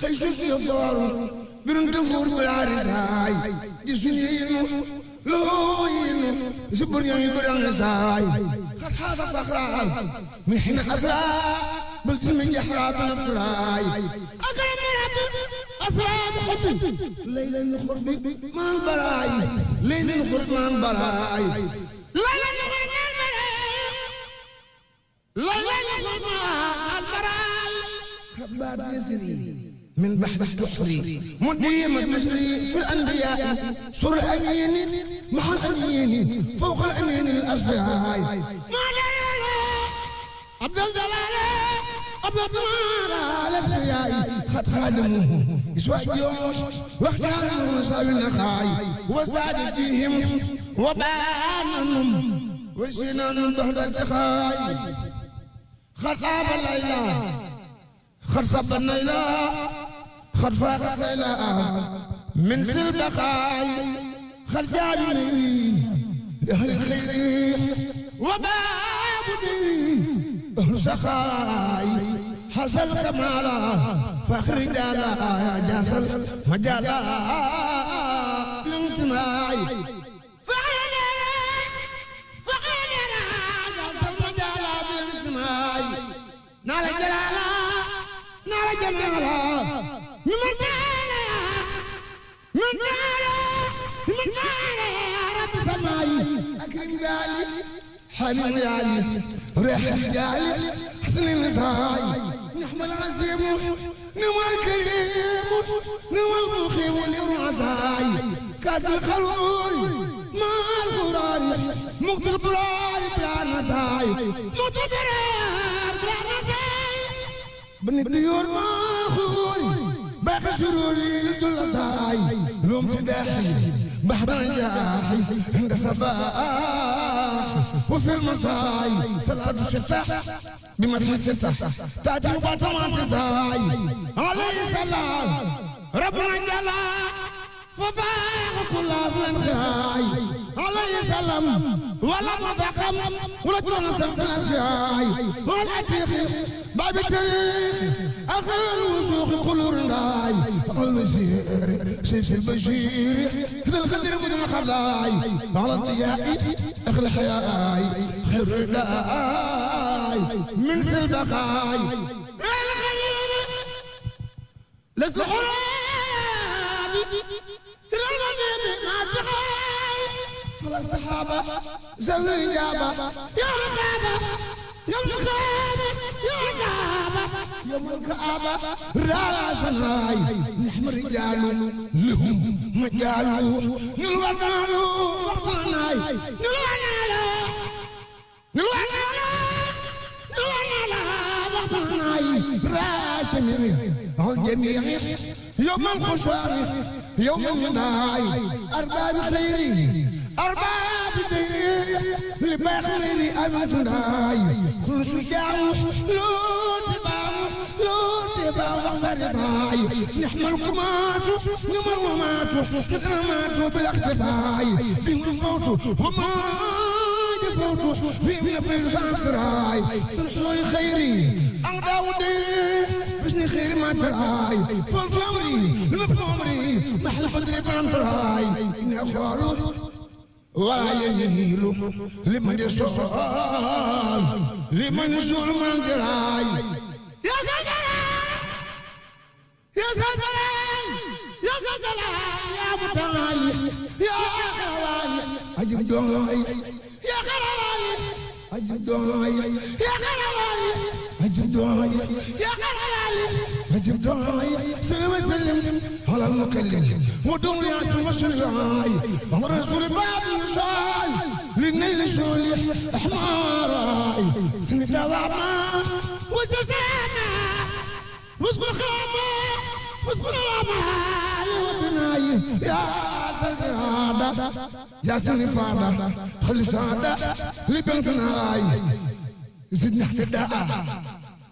xëy suuf si booru mbirum tëfuur bu laari saay di suuf si yinu loo yinu si bur ñoo ñu ko dang saay xat xaasa faxraal min xin xasra bal si min jaxra banafturaay akaram marab asraab xutb laylan xurbi maan baraay laylan xurbi maan baraay laylan xurbi maan baraay laylan xurbi maan baraay من بحث تحري مديم المجري في الأنبياء سر الأنين مع الأنين فوق الأنين الأصفياء ما عبد الجلال عبد الجمال الأبرياء خد خادمه يسوى يوم واختار مساوي النخاي وزاد فيهم وبانهم وسنان بهد التخاي خرقاب الليلة خرصب الليلة قد فاقفنا من سلبقاي خرجاني لأهل خيري وبابدي أهل سخاي حصل كمالا فخر جالا جاسل مجالا لانتماعي نال جلالا نال جمالا حنين يا علي ريح يا علي حسن نزاي نحمى العزيم نوى كريم نوى المخيم نوى كاس الخلوي ما القرار مقت القرار بلا نزاي مقت القرار بلا نزاي بن الديور ما خوري بشروا لي كل ساي لوم تداخي بعد نجاحي عند صباح وفي المساي صلاة الشفاح بمدح السفاح تأتي وبطمان تساي عليه السلام ربنا جل ففاق كل من خاي عليه السلام ولا نفخم ولا تنسى الشاي ولا تخيف باب التاريخ أخير وسوق قلور لاي الوزير سيس البشير ذا الخدر مدن خلاي على الضياء أخل حياي خير لاي من سلبقاي لسلحراي على الصحابة زوي الإجابة يوم القيامة يوم القيامة يوم القيامة يوم القيامة راس الراي نحمر رجال لهم مجال نلوطان وطناي نلوانا لا نلوانا لا نلوانا لا وطناي راس الجميع يوم الخشوع يوم الناي أرباب خيرين أرباب الدين بالبخير أمتناي كل شجاع لوت بام لوت بام غرباي نحمل قمات نمر ومات نقرمات بالاقتفاي بين الفوت هما جفوت بين فين سانسراي تنحوني خيري أو دي بشني خير ما تراي فالفوري نبقى عمري محلف دري بان تراي نخالوش wala yamilu liman yasal liman yasul man jaraay ya salaam ya salaam ya salaam ya mutawali ya xarawali ajib dongay ya xarawali ajib dongay ya xarawali ajib dongay ya xarawali جبتها صلى وسلم على المكلم ودور يا سمسل غاي عمر رسول باب سؤال للنيل سولي حماراي سنت وعما وسسانا وسكن خاما وسكن راما وسناي يا سزرادة يا سنفادة خلصادة لبنتناي زدنا اهتداء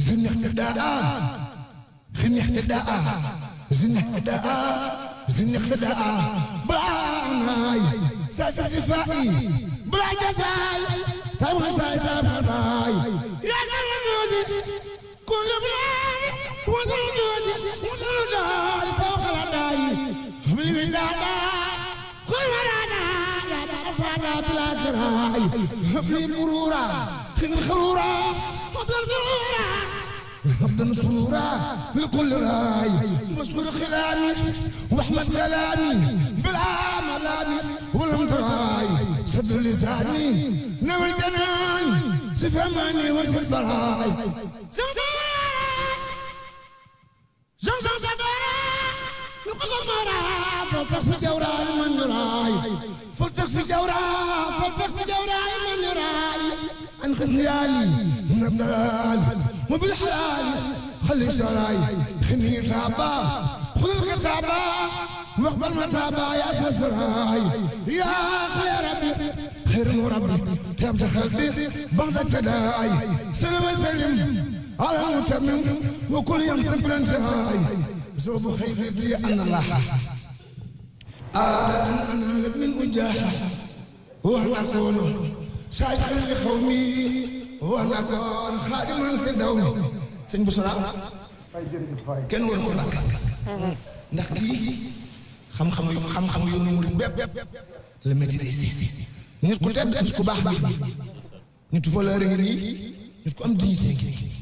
زدنا اهتداء خلني احتداء زن احتداء زني احتداء بلا ناي ساسا إسرائيل بلا جزاي تم شايفة فراي يا سلموني كل بلاد ودلوني ودلوني فوق الأرضاي حبيب الدادا كل رانا يا أسوانا بلا كراي حبيب مرورا خير خرورا وبرزورا عبد مسرورة لكل راي مسرور خلالي واحمد غلالي بالعاملاني والمدراي صدر لساني نور جنان سفهماني وسط براي زمزم صدري وقلم مرا فلتك في جورا المنراي فلتك في جورا فلتك في جورا المنراي عن خزيالي من الضلال وبالحلال خلي شراي خني تابا خذ الكتابة واقبل متابا يا سسراي يا خير ربي خير نور ربي تبت خلبي بعد التداعي سلم سلم على المتمم وكل يوم سفر انتهاي زوب خير لي أن الله أنا آه، أنا أنا من أنا أنا أكون شايخا لقومي وانا كون خادما في دومي سن بصرا كان ورم لك ndax kii xam-xam yu xam-xam yu nu murid bépp la maîtrise nit ku tedd ku baax bi nit ku valeur ngi nii nit ku am dignité ngi nii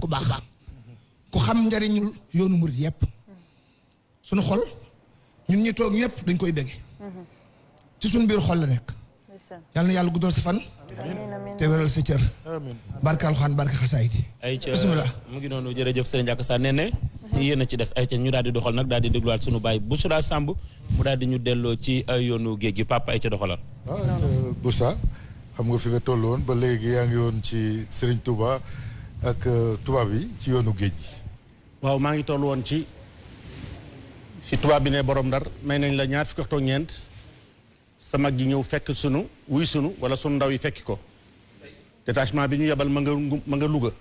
ku baax ku xam njariñul yoonu murid yëpp suñu xol ñun ñu toog ñëpp dañ koy bëgg ci suñu biir xol la nekk yalla na yàlla guddal sa fan. te weral sa cieur amin cër. amiin barka khasaidi ay cieur bismillah mu ngi nonu jere jeuf Serigne Ndiakassa sa nene ci a ci dess ay ayca ñu daal di doxal nak daal di dégluwaat sunu baay Bouchra Samb mu daal di ñu dello ci euh, ay yonu geegi papa ay ci doxalal. waaw ah, Bouchra xam nga fi nga toll woon ba legi ya ngi won ci Serigne Touba ak euh, touba bi ci yonu geegi waaw ma ngi toll won ci. ci touba bi ne borom dar may nañ la ñaar fi ko tok ñent sa mag ji ñëw fekk sunu wuy sunu wala sunu ndaw yi fekki ko détachement bi ñu yebal ma nga ma Louga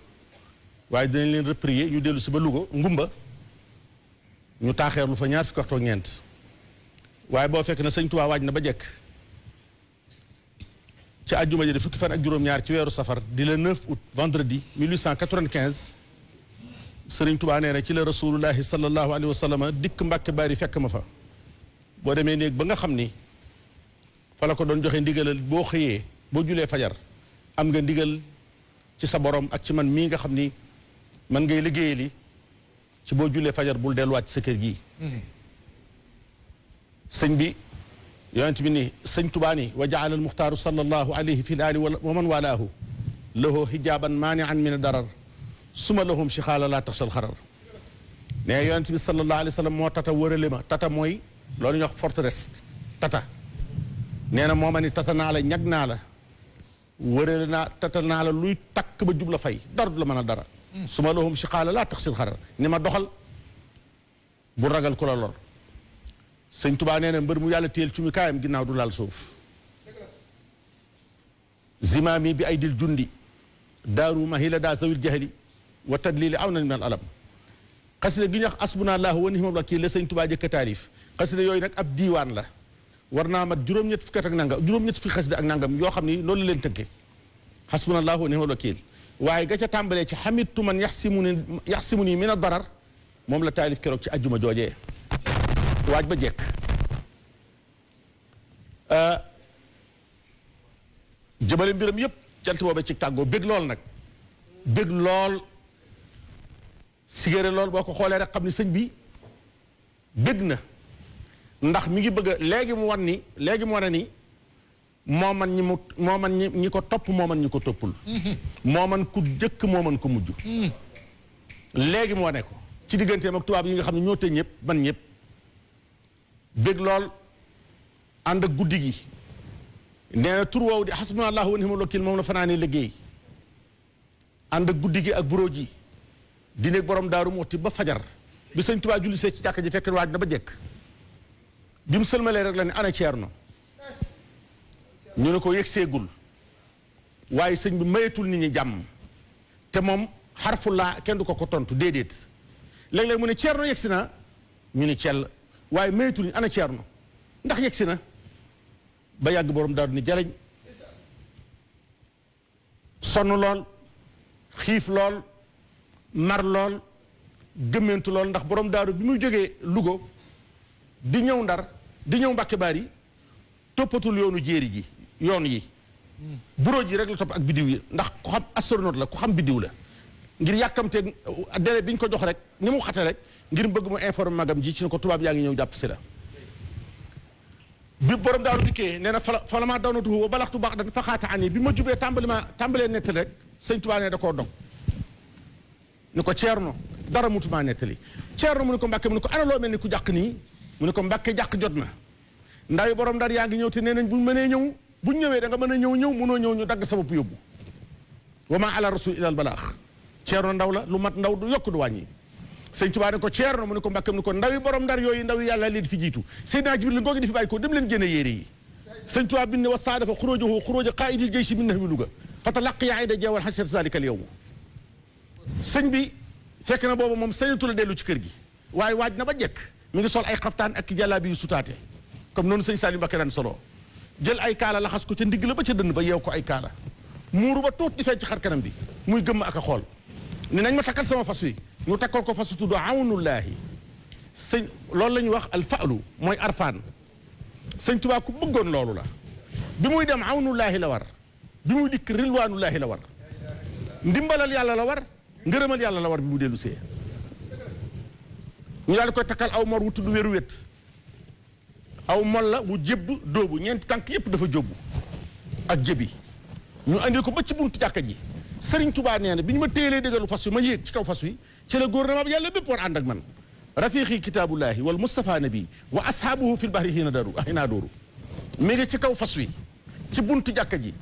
waaye dinañ leen reprier ñu dellu si ba Louga ngumba ñu taaxeerlu fa ñaar fukki waxtu ak ñeent waaye boo fekk na sëñ Tuubaa waaj na ba jekk ca àjjuma ji di fukki fan ak juróom-ñaar ci weeru safar di le 9 août vendredi 1895 sëriñ Tuubaa nee na ci la rasulullahi sallallahu alayhi wa sallam dikk Mbàkke Bari fekk ma fa boo demee néeg ba nga xam ni fala ko doon joxe ndigalal boo xëyee boo julee fajar am nga ndigal ci sa borom ak ci man mii nga xam ni man ngay liggéeyali ci boo julee fajar bul delluwaat ci sa kër gii sëñ bi yonent bi ni sëñ tubaa ni wa jaala al muxtaaru sallallahu alayhi fi l ali wa man walaahu lahoo hijaaban maanian min darar suma lahum si xaala laa taxsal xarar ne yonent bi sallallahu alayhi wa sallam moo tata wërale ma tata mooy loolu ñu wax forteresse tata nee na mooma ni tata naala la ñag naa la wërale naa tata naa la luy takk ba jubla fay dara du la mën a dara su ma lahum siqaala laa tax sin xarar ma doxal bu ragal ku la lor sëñ tubaa nee na mbër mu yàlla téyel ci mi kaayam ginnaaw du laal suuf zimaami bi ay dil jundi daaru mahila daa zawil jahli wa tadlili aw na min al alam xasida gi ñu wax asbunallaahu wa nihmal wakiil la sëñ tubaa jëkka taalif xasida yooyu nag ab diwaan la war naa mat juróom-ñett fukki at ak nangam juróom-ñett fukki xasida ak nangam yoo xam ni loolu leen tëggee hasbunallahu wa ni'mal wakiil waaye ga ca tàmbalee ci xamitu man yaxsimuni yaxsimuni min a darar moom la taalif keroog ci ajjuma joojee waaj ba jekk euh, jëmale mbiram yépp jant boobee ci tàggoo bég lool nag bég lool sigéere lool boo ko xoolee rek xam ni sëñ bi bég na ndax mi ngi bëgg a léegi mu wan ni léegi mu wane ni moo man ñi mu moo man ñi ñi ko topp moo man ñi ko toppul mm-hmm. moo man ku jëkk moo man ko mujj mm. léegi mu wane ko ci digganteem ak tubaab yi nga xam ne ñoo tëj ñëpp man ñëpp bég lool ànd ak guddi gi nee na tur woowu di xasbunallaahu wa ni'mal wakiil moom la fanaanee liggéey ànd ak guddi gi ak buróo ji di nekk borom daaru mooti ba fajar bi sëñ tubaab jullisee ci jàkka ji fekk waaj na ba jekk bi mu sëlmalee rek la ne ana Thierno ñu ne ko yëg seegul waaye sëñ bi mayeetul ni ñi jàmm te moom xarfu laa kenn du ko ko tontu déedéet léeg-léeg mu ne Thierno yegg si na ñu ni Thiel waaye mayeetul ni ana Thierno ndax yegg si na ba yàgg borom daal ni jaleñ sonn lool xiif lool mar lool gëmmentu lool ndax borom daaru bi muy jógee Louga di ñëw ndar di ñëw Mbàkke Baari toppatul yoonu jéeri gi yoon yi bureau ji rek la topp ak bidiw yi ndax ku xam astronaute la ku xam bidiw la ngir yàkkamteeg délai bi ñu ko jox rek ni mu xate rek ngir bëgg mu informe magam ji ci ne ko tubaab yaa ngi ñëw jàpp si la bi borom daaru dikkee nee na fala falamaa daw na tuhu wa balaxtu baax fa faxaata ani bi ma jubee tàmbali ma tàmbalee nettali rek sëñ tubaa ne da koo dog ni ko ceerno dara mutumaa nettali ceerno mu ne ko mbàkke mu ko ana mel ni ku jàq nii mu ne ko mbàkke jàq jot na ndawi borom ndar yaa ngi ñëw te nee nañ buñ mënee ñëw buñ ñëwee da nga mën a ñëw ñëw mënoo ñëw ñu dagg sa bopp yóbbu wa maa ala rasul ilal balaax ceerno ndaw la lu mat ndaw du yokk du wàññi sëñ tubaa ne ko ceerno mu ne ko mbàkke mu ne ko ndawi borom ndar yooyu ndawi yàlla leen fi jiitu seydina jibril ngoogi di fi bàyyi ko dem leen génne yére yi sëñ tubaa bi ne wa saadafa xuróojohu xuróojo qaayidil jeysi min nahwi luga fatalaq yaa ida jeewal xasiyat zalika al yowm sëñ bi fekk na boobu moom sañatul dellu ci kër gi waaye waaj na ba jekk mi ngi sol ay xaftaan ak jàllaabi yu sutaate comme noonu sëñ Saliou Mbacké daan solo jël ay kaala laxas ko ca ndigg la ba ca dënn ba yeew ko ay kaala muuru ba tuut di feeñ ci xar kanam bi muy gëmm ak xool ne nañ ma takkal sama fas wi ñu takkal ko fas tudd awnullaahi sëñ loolu la ñuy wax alfaalu mooy arfaan sëñ Tuubaa ku bëggoon loolu la bi muy dem awnullaahi la war bi muy dikk rilwaanullaahi la war ndimbalal yàlla la war ngërëmal yàlla la war bi mu dellu see ñu daal di koy takkal aw mor wu tudd wéru wét aw mol la wu jébb doobu ñeenti tànk yépp dafa jóbbu ak jébi ñu andil ko ba ci buntu jàkka ji Serigne Touba nee na bi ñu ma téyelee dëggalu fas wi ma yéeg ci kaw fas wi ci la gouvernement bi yàlla bépp war ànd ak man rafiqi kitaabullahi wal Mustafa nabi wa ashaabuhu fil bahri hina daru hina dooru mi ci kaw fas wi ci buntu jàkka ji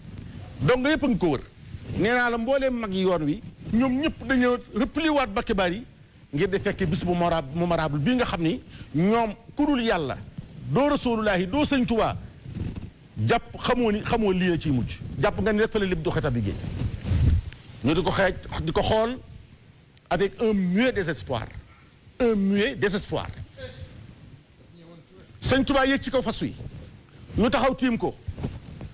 donc yépp ngi ko wër nee naa la mbooleem mag yi yoon wi ñoom ñëpp dañoo repliwaat bakkibaar yi ngir di fekke bis bu mémorable bi nga xam ni ñoom ku yàlla doo rasulullaahi doo sëñ Tuubaa jàpp xamoo ni xamoo lii ci mujj jàpp nga ni rek fële lépp doxee tabi géej ñu di ko xeej di ko xool avec un muet désespoir un muet désespoir sëñ Tuubaa yéeg ci kaw fas wi nu taxaw tiim ko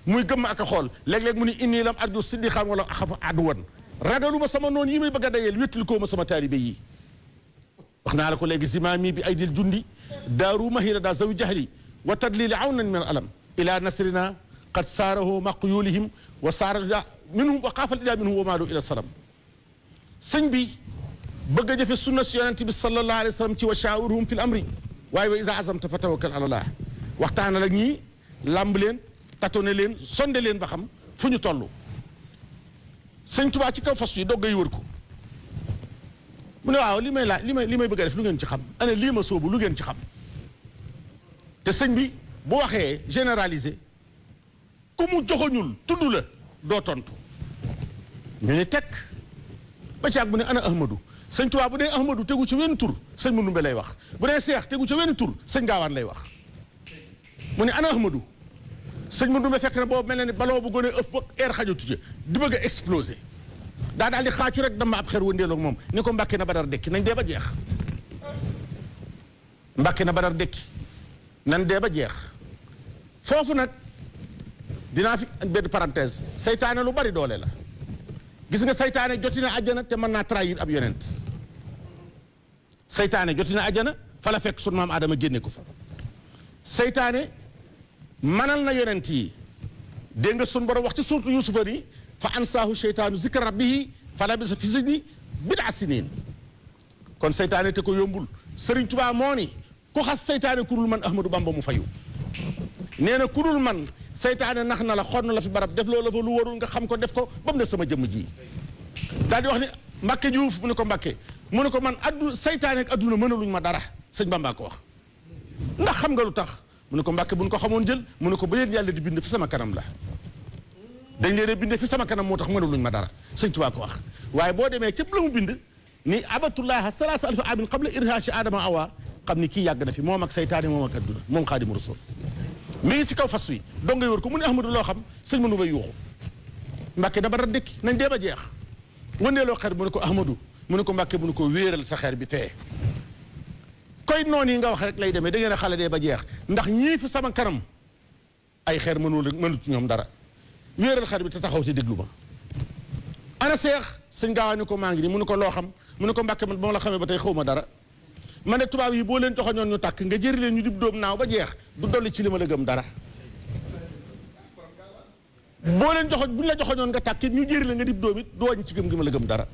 muy gëmm ak a xool léeg-léeg mu ni inni lam xam siddiqan wala axafu aduwan ragaluma sama noon yi may bëgg a dayeel wéttali koo ma sama taalibe yi وخنا على كل زمامي بأيدي الجندي دارو مهيرة دا زوي جهلي وتدليل عونا من الألم إلى نصرنا قد ساره مقيولهم وصار منهم وقاف الإله منه ومالو إلى السلام سنبي بقى في السنة سيانتي صلى الله عليه وسلم وشاورهم في الأمر واي إذا عزمت فتوكل على الله وقتنا لغني لامبلين تاتونيلين سوندلين بخم فني تولو سنتو با تي كاو فاسوي دوغي وركو mu ne waaw li may laaj li may bëgg a lu ngeen ci xam ane lii ma sóobu lu ngeen ci xam te sëñ bi bu waxee généraliser ku mu joxoñul tudd la doo tontu ñu ne tekk ba caag bu ne ana Ahmadou sëñ Tuubaa bu dee Ahmadou tegu ci wenn tur sëñ Mandumbe lay wax bu dee Seex tegu ci wenn tur sëñ Gaawaan lay wax mu ne ana Ahmadou sëñ Mandumbe fekk na boobu mel na ni baloo bu gone ëpp ba ci di bëgg a daa daal di xaacu rek dama ab xer wëndeeloog moom ni ko mbàkke na badar dekki nañ dee ba jeex mbàkke na badar dekki nan dee ba jeex foofu nag dinaa fi benn parenthèse seytaane lu bari doole la gis nga seytaane joti na àjjana te mën naa trahir ab yonent seytaane joti na àjjana fa la maam Adama génne ko fa seytaane manal na yonent yi dégg nga sunu borom wax ci suurtu Yuusufa فأنساه الشيطان ذكر ربه فلبس في سجن بضع سنين كون seytaane تكو يومبول سيرن توبا موني كو خاص ku xas من احمد بامبو man نينا Bamba من fayu نخنا لا ku لا في برب ديف na la xon nga xam ko def ko bam ne sama jëm ji daal di wax ni Mbacke Diouf mu ne ko Mbacke mu ne ko man addu seytaane ak adduna mënaluñ ma dara sëñ Bamba ko wax ndax xam nga lutax mu ne ko Mbacke buñ ko xamone jël mu ne ko ba yéen yàlla di bind fi sama kanam la dañ leen bindé fi sama kanam motax tax mënaluñ ma dara sëñ tuba ko wax waaye bo démé ci la bind ni abatullah salasa alfa abin qabla irhash adam awa xam ki yag na fi mom ak saytaane mom ak adduna mom khadim rasul mi ci kaw fas wi dong ngay wër ko mune ahmadu lo xam sëñ mënu ba yuxu mbacke dama rat dëkki nañ déba jeex wone lo xer mu ne ko ahmadu mu ne ko mbacke mu ne ko wéral sa xer bi té koy noni nga wax rek lay démé da ngeen a xale dee ba jeex ndax ñi fi sama kanam ay xer mënul mënut ñom dara wéeral xar bi te taxaw si déglu ma ana seex sëñ gaawaa ni ko maa ngi nii mu ne ko loo xam mu ne ko mbàkke man ba ma la xamee ba tey xaw ma dara ma ne tubaab yi boo leen joxoñoon ñu tàkk nga jëri leen ñu dib dóom naaw ba jeex du dolli ci li ma la gëm dara boo leen joxoñ bu ñu la joxoñoon nga tàkk ñu jëri leen nga dib dóom it dooñ ci gëm gi ma la gëm dara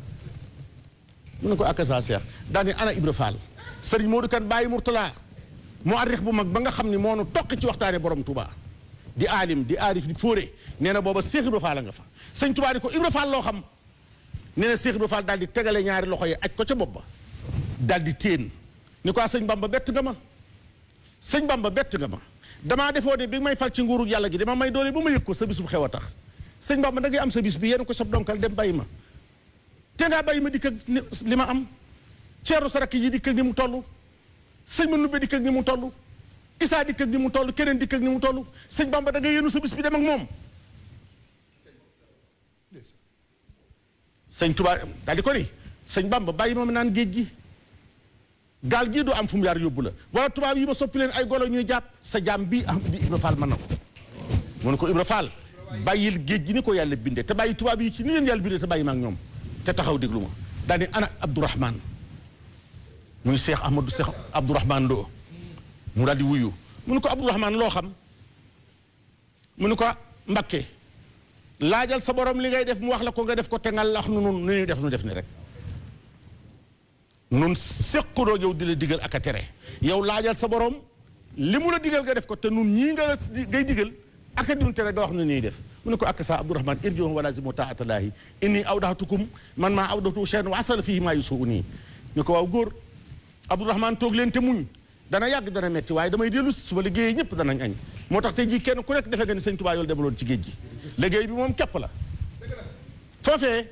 mu ne ko akasa seex daane ana Ibra Fall sëriñ Modou Kane bàyyi Murtala mu arrix bu mag ba nga xam ne moo nu toq ci waxtaane borom Touba di alim di aarif di fóore nee na booba Seex Ibra Faal la nga fa sëñ Tuubaa ni ko Ibra Faal loo xam nee na Seex Ibra Faal daal di tegale ñaari loxo yi ak ko ca bopp ba daal di téen ni ko ah, sëñ Bamba bett nga ma sëñ Bamba bett nga ma damaa defoo ne bi may fal ci nguuru yàlla gi dama may doolee ba ma yëg ko sa bu xew a tax sëñ Bamba da ngay am sa bis bi yéen ko sob donkal dem bàyyi ma te ngaa bàyyi ma dikk ak li ma am ceeru sarak yi dikk ak ni mu toll sëñ ma nubbe dikk ak ni mu toll Issa dikk ak ni mu toll keneen dikk ak ni mu toll sëñ Bamba da nga yéenu sa bis bi dem moom. sëñ Touba daal di ko ni sëñ Bamba bàyyi ma naan géej gi gaal gii du am fu mu yar yóbbu la wala tubaab yi ma soppi leen ay golo ñuy jàpp sa jaam bi am bi Ibra Fall na ko. mu ne ko Ibra Fall bàyyil géej gi ni ko yàlla bindee te bàyyi tubaab yi ci ni leen yàlla bindee te bàyyi ma ñoom te taxaw déglu ma daal di ana Abdourahman muy seex Ahmadou seex Abdourahman Lo. mu daal di wuyu mu ne ko Abdourahman loo xam mu ne ko Mbakke laajal sa borom li ngay def mu wax la ko nga def ko te nga lax nu nun nu ñuy def nu def ni doo nun séqunoo yow di la digal ak a tere yow laajal sa borom li mu la digal nga def ko te nun ñii nga ngay digal ak a dinu tere nga ñuy def mu ne ko ak sa Abdourahman irjiu wala zimu taatallaahi inni awdahtukum man maa awdahtu shay'an wa asala fihi maa yusuuni ñu ko waaw góor Abdourahman toog leen te muñ dana yag dana metti waaye damay dellu suba liggéey ñëpp danañ añ moo tax tey jii kenn ku nek defe nga ni sëñ Tuubaa yoolu demaloon ci géej ji liggey bi mom kep la fofé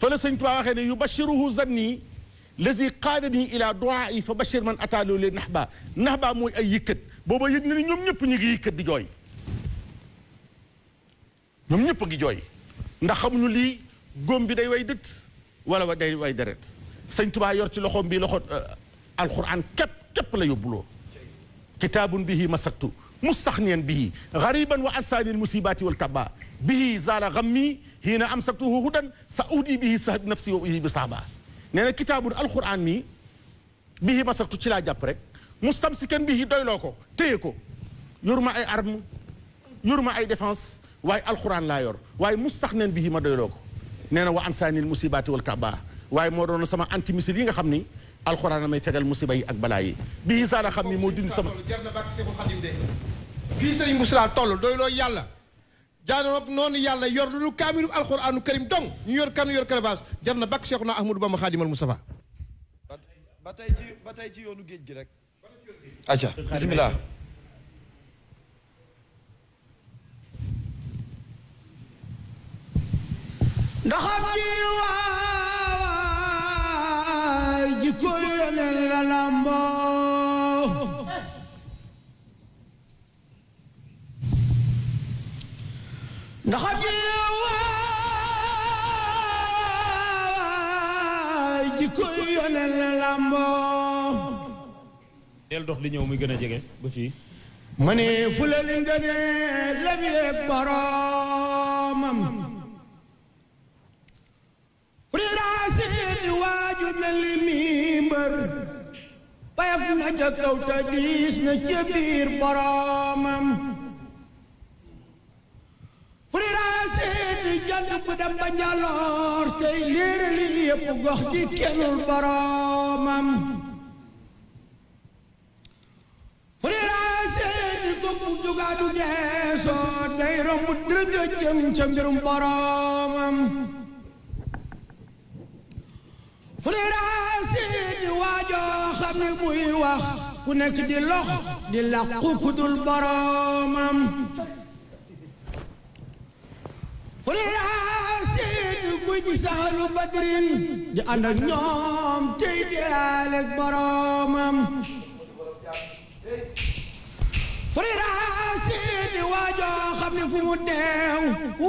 fa la sëñ touba waxé ne yu bashiruhu zanni lazi qaadani ila duaai fa bashir man ataaloo lee nax baa nax baa mooy ay yëkkat booba yëg na ni ñoom ñëpp ñu ngi yëkkat di jooy ñoom ñëpp a ngi jooy ndax xamuñu lii góom bi day way dëtt wala day way deret sëñ Tuubaa yor ci loxoom bi loxo alquran képp كيب لا يبلو كتاب به مسكت مستخنيا به غريبا وعن المصيبات والكبا به زال غمي هنا امسكته هدى سأودي به سهد نفسي وإيه بصعبا نانا كتاب القرآن مي به مسكت تلا جابرك مستمسكا به دويلوكو تيكو يرمى اي ارم يرمى اي ديفانس واي القران لا يور واي مستخنن به ما دويلوكو نانا وعن المصيبات والكعبة واي مورونا سما انتي ميسيل ييغا خامني alxuraan a may fegal musiba yi ak balaa yi bii saana xam ni moo dindi sama jar na bàkk Seexul Xadim de fii sëriñ Moussa toll doy looy yàlla jaanoog noonu yàlla yor lu kaamilu alxuraanu karim dong ñu yor kanu yor karabaas jar na bàkk Seexuna Ahmadu Bamba Xaadimal Mustafa ba tey ci ba tey ci yoonu géej gi rek acca bismillah ndaxam ci waa jikko yoneen la làmboo ndax ab waay jikko yoneen la làmboo del dox li ñëw muy gën a jege ba fii ma ne fula li nga ne lem yeeg boroomam friraasi waaju na li ma ca kaw te diis na ca biir boroomam furi raasini jant bu dem ba njaloor tey léerali yépp gox di kenul boroomam furi raasini ko mu jugaadu geesoo day romb dërëga jëm ca mbirum boroomam furi joo xam ne di lox badrin di ànd ak ñoom tey deyaaleeg boroomam furaasin waa joo xam ne fu mu deew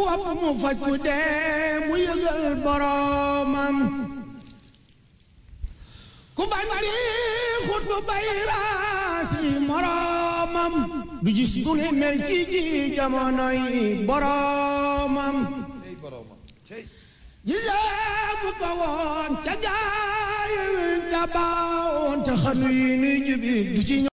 wopp mu faj ku dee mu yëgal boroomam ku bañ bi xutbu bay raas yi moroomam du gis du li mel ci ji jamonoy boroomam gisee bu gaay da baawoon te xanu yi nuy jibi du ci